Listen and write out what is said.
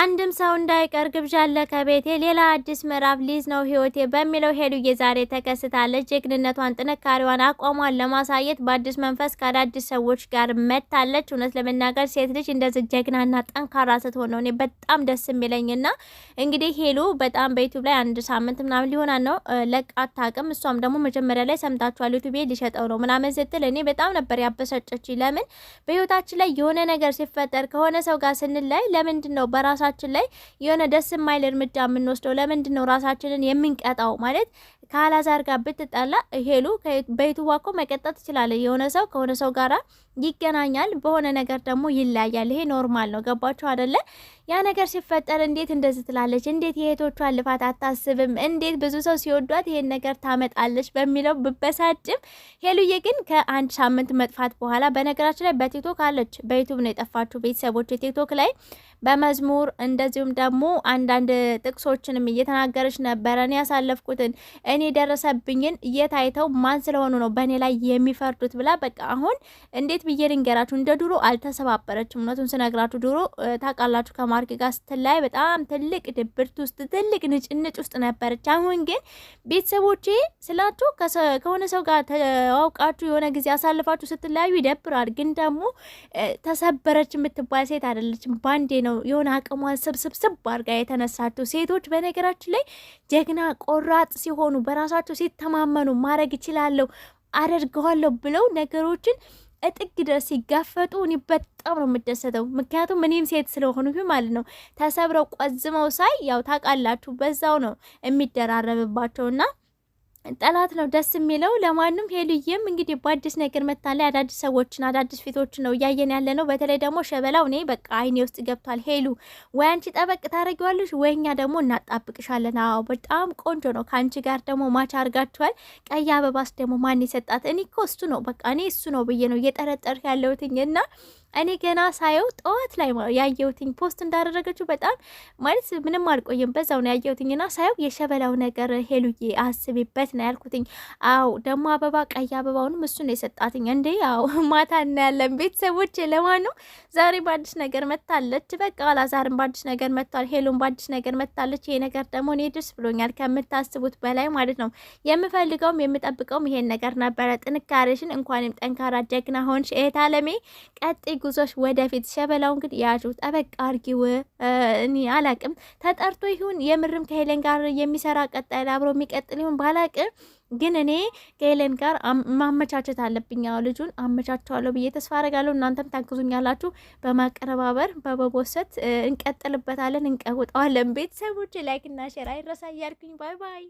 አንድም ሰው እንዳይቀር ግብዣ አለ ከቤቴ ሌላ አዲስ ምዕራፍ ሊዝ ነው ህይወቴ በሚለው ሄሉዬ ዛሬ ተከስታለች። ጀግንነቷን፣ ጥንካሬዋን፣ አቋሟን ለማሳየት በአዲስ መንፈስ ከአዳዲስ ሰዎች ጋር መታለች። እውነት ለመናገር ሴት ልጅ እንደዚህ ጀግናና ጠንካራ ስትሆን ነው እኔ በጣም ደስ የሚለኝና እንግዲህ ሄሉ በጣም በዩቱብ ላይ አንድ ሳምንት ምናምን ሊሆና ነው ለቃ አታውቅም። እሷም ደግሞ መጀመሪያ ላይ ሰምታችኋል፣ ዩቱቤ ሊሸጠው ነው ምናምን ስትል እኔ በጣም ነበር ያበሰጨች። ለምን በህይወታችን ላይ የሆነ ነገር ሲፈጠር ከሆነ ሰው ጋር ስንላይ ለምንድን ነው በራሱ ራሳችን ላይ የሆነ ደስ የማይል እርምጃ የምንወስደው? ለምንድን ነው ራሳችንን የምንቀጣው? ማለት ከአላዛር ጋር ብትጣላ ሄሉ በዩቱባ እኮ መቀጠል ትችላለች። የሆነ ሰው ከሆነ ሰው ጋር ይገናኛል፣ በሆነ ነገር ደግሞ ይለያያል። ይሄ ኖርማል ነው። ገባችሁ አደለ? ያ ነገር ሲፈጠር እንዴት እንደዚህ ትላለች? እንዴት የእህቶቿን ልፋት አታስብም? እንዴት ብዙ ሰው ሲወዷት ይሄን ነገር ታመጣለች በሚለው ብበሳጭም፣ ሄሉዬ ግን ከአንድ ሳምንት መጥፋት በኋላ በነገራችን ላይ በቲክቶክ አለች። በዩቱብ ነው የጠፋችሁ ቤተሰቦች። የቲክቶክ ላይ በመዝሙር እንደዚሁም ደግሞ አንዳንድ ጥቅሶችንም እየተናገረች ነበረ። እኔ ያሳለፍኩትን እኔ እኔ የደረሰብኝን የት አይተው ማን ስለሆኑ ነው በእኔ ላይ የሚፈርዱት ብላ በቃ አሁን እንዴት ብዬ ልንገራችሁ፣ እንደ ድሮ አልተሰባበረችም። እውነቱን ስነግራችሁ ድሮ ታውቃላችሁ ከማርክ ጋር ስትላይ በጣም ትልቅ ድብርት ውስጥ ትልቅ ንጭንጭ ውስጥ ነበረች። አሁን ግን ቤተሰቦቼ ስላችሁ ከሆነ ሰው ጋር ተዋውቃችሁ የሆነ ጊዜ አሳልፋችሁ ስትለያዩ ይደብራል። ግን ደግሞ ተሰበረች የምትባል ሴት አይደለችም። ባንዴ ነው የሆነ አቅሟን ስብስብስብ አድርጋ የተነሳችሁ። ሴቶች በነገራችን ላይ ጀግና ቆራጥ ሲሆኑ በራሳቸው ሲተማመኑ ማድረግ ይችላለሁ አደርገዋለሁ ብለው ነገሮችን እጥግ ድረስ ሲጋፈጡ እኔ በጣም ነው የምደሰተው። ምክንያቱም እኔም ሴት ስለሆኑ ማለት ነው። ተሰብረው ቆዝመው ሳይ ያው ታውቃላችሁ፣ በዛው ነው የሚደራረብባቸውና ጠላት ነው ደስ የሚለው። ለማንም ሄሉዬም እንግዲህ በአዲስ ነገር ላይ አዳዲስ ሰዎችን አዳዲስ ፊቶችን ነው እያየን ያለ ነው። በተለይ ደግሞ ሸበላው እኔ በቃ አይኔ ውስጥ ገብቷል። ሄሉ ወይ አንቺ ጠበቅ ታደረጊዋለሽ ወይ እኛ ደግሞ እናጣብቅሻለን። አዎ በጣም ቆንጆ ነው። ከአንቺ ጋር ደግሞ ማች አርጋችኋል። ቀይ አበባስ ደግሞ ማን የሰጣት? እኔ እኮ እሱ ነው በቃ እኔ እሱ ነው ብዬ ነው እየጠረጠር ያለሁትኝ እና እኔ ገና ሳየው ጠዋት ላይ ያየሁትኝ ፖስት እንዳደረገችው በጣም ማለት ምንም አልቆየም፣ በዛው ነው ና ሳየው የሸበላው ነገር ሄሉዬ አስቢበት ነው ያልኩትኝ። አው ደግሞ አበባ ቀይ አበባውንም እሱ ነው የሰጣትኝ። እንዴ ያው ማታ እናያለን ቤተሰቦች። ለማን ነው ዛሬ በአዲስ ነገር መታለች። በቃ አላዛርም በአዲስ ነገር መጥቷል፣ ሄሉም በአዲስ ነገር መታለች። ይሄ ነገር ደግሞ እኔ ደስ ብሎኛል ከምታስቡት በላይ ማለት ነው። የምፈልገውም የምጠብቀውም ይሄን ነገር ነበረ። ጥንካሬሽን እንኳንም ጠንካራ ጀግና ሆንሽ እህት አለሜ ቀጥ ጉዞሽ ወደፊት ሸበላውን ግን ያዥው ጠበቅ አርጊው። እኔ አላቅም ተጠርቶ ይሁን የምርም ከሄለን ጋር የሚሰራ ቀጣይ አብሮ የሚቀጥል ይሁን ባላቅም ግን እኔ ከሄለን ጋር ማመቻቸት አለብኝ። ልጁን አመቻቸዋለሁ ብዬ ተስፋ አረጋለሁ። እናንተም ታግዙኛላችሁ። በማቀረባበር በበቦሰት እንቀጥልበታለን፣ እንቀውጠዋለን። ቤተሰቦች ላይክ እና ሼር አይረሳ እያልኩኝ ባይ ባይ